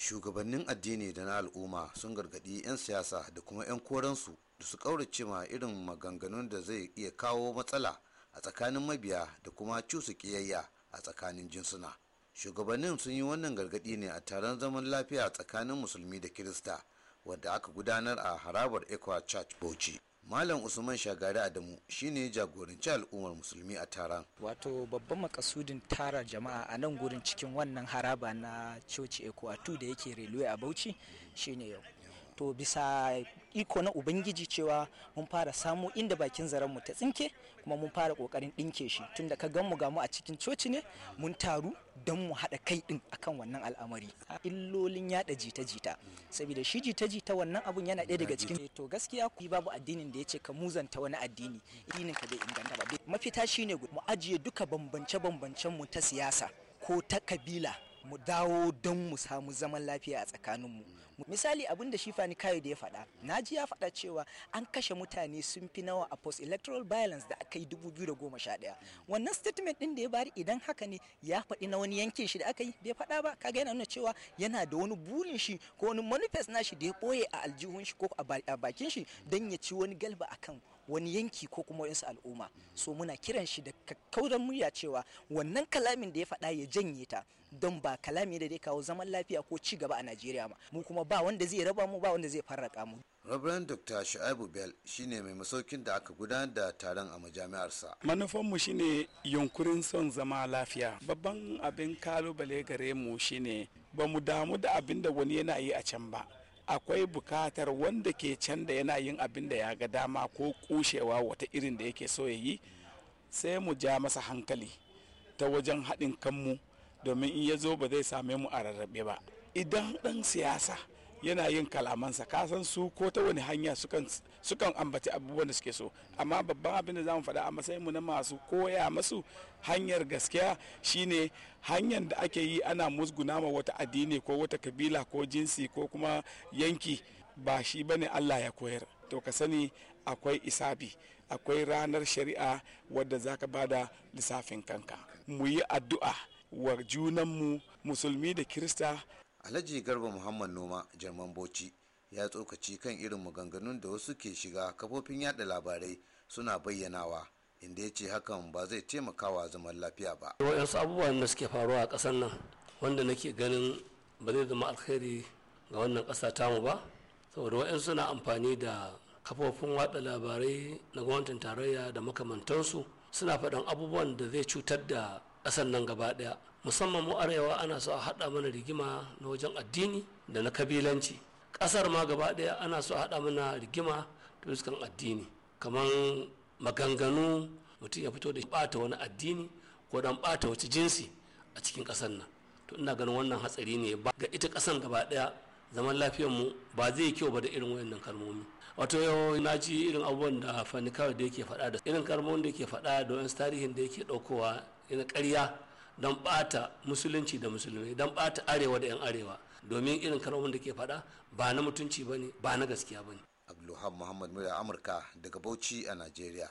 shugabannin addini da na al'umma sun gargaɗi 'yan siyasa da kuma 'yan koransu da su ƙaurace ma irin maganganun da zai iya kawo matsala a tsakanin mabiya da kuma cusa ƙiyayya a tsakanin jinsuna shugabannin sun yi wannan gargaɗi ne a taron zaman lafiya tsakanin musulmi da kirista wadda aka gudanar a harabar equa church bauchi malam usman shagari adamu shine jagoranci al'ummar musulmi a taron wato babban makasudin tara jama'a a nan gurin cikin wannan haraba na coci eko a da yake railway a bauchi shine yau. to bisa iko na ubangiji cewa mun fara samu inda bakin zaren mu ta tsinke kuma mun fara kokarin dinke shi tunda ka gan mu ga mu a cikin coci ne mun taru don mu haɗa kai din akan wannan al'amari illolin yada jita-jita saboda shi jita-jita wannan abun yana ɗaya daga cikin to gaskiya ku babu addinin da ya ce ka muzanta wani addini addinin ka bai inganta ba mafita shine mu ajiye duka bambance-bambancen mu ta siyasa ko ta kabila mu dawo don mu samu zaman lafiya a tsakaninmu misali abin da shi fani kayo da ya faɗa na ji ya faɗa cewa an kashe mutane sun fi nawa a post electoral violence da aka yi 2011 wannan statement din da ya bari idan haka ne ya faɗi na wani yankin shi da aka yi bai faɗa ba kaga yana nuna cewa yana da wani burin shi ko wani manifest shi da ya ɓoye a aljihun shi ko a bakin shi don ya ci wani galba akan wani yanki ko kuma wa'insu al'umma so muna kiran shi da kakkaudan murya cewa wannan kalamin da ya faɗa ya janye ta don ba kalami da zai kawo zaman lafiya ko ci gaba a Najeriya ma mu kuma ba wanda zai raba mu ba wanda zai farraka mu Reverend Dr. Shu'aibu Bell shine mai masaukin da aka gudanar da taron a majami'ar majami'arsa. Manufanmu shine yunkurin son zama lafiya. Babban abin kalubale gare mu shine ba mu damu da abin da wani yana yi a can ba. akwai bukatar wanda ke can da yana yin abin da ya ga dama ko kushewa wata irin da yake so ya yi sai mu ja masa hankali ta wajen haɗin kanmu domin in ya zo ba zai same mu a rarrabe ba idan ɗan siyasa yana yin kalamansa kasan su ko ta wani hanya sukan ambaci abubuwan da suke so amma babban abin da zamu faɗa a matsayin mu na masu koya masu hanyar gaskiya shine hanyar da ake yi ana musguna ma wata addini ko wata kabila ko jinsi ko kuma yanki ba shi bane Allah ya koyar to ka sani akwai isabi akwai ranar shari'a wadda zaka bada lissafin kanka mu yi addu'a wa junanmu musulmi da kirista alhaji garba muhammad noma jerman bauchi ya tsokaci kan irin maganganun da wasu ke shiga kafofin yada labarai suna bayyanawa inda ya ce hakan ba zai taimakawa zaman lafiya ba wayansu abubuwan da suke faruwa a ƙasar nan wanda nake ganin ba zai zama alkhairi ga wannan ƙasa tamu ba saboda wayansu suna amfani da kafofin watsa labarai na gwamnatin tarayya da makamantansu suna faɗin abubuwan da zai cutar da ƙasar nan gaba ɗaya musamman mu arewa ana so a haɗa mana rigima na wajen addini da na kabilanci ƙasar ma gaba ɗaya ana so a haɗa mana rigima ta fuskan addini kamar maganganu mutum ya fito da ɓata wani addini ko dan ɓata wata jinsi a cikin ƙasar nan to ina ganin wannan hatsari ne ga ita ƙasar gaba ɗaya zaman lafiyar mu ba zai yi kyau ba da irin wayannan kalmomi wato yau na ji irin abubuwan da fanni kawai da yake faɗa da irin kalmomin da yake faɗa da wani tarihin da yake ɗaukowa ina ƙarya don ɓata musulunci da musulmi don ɓata arewa da 'yan arewa domin irin kalmomin da ke faɗa ba na mutunci ba ne ba na gaskiya ba ne abdulhamid muhammad murya amurka daga bauchi a najeriya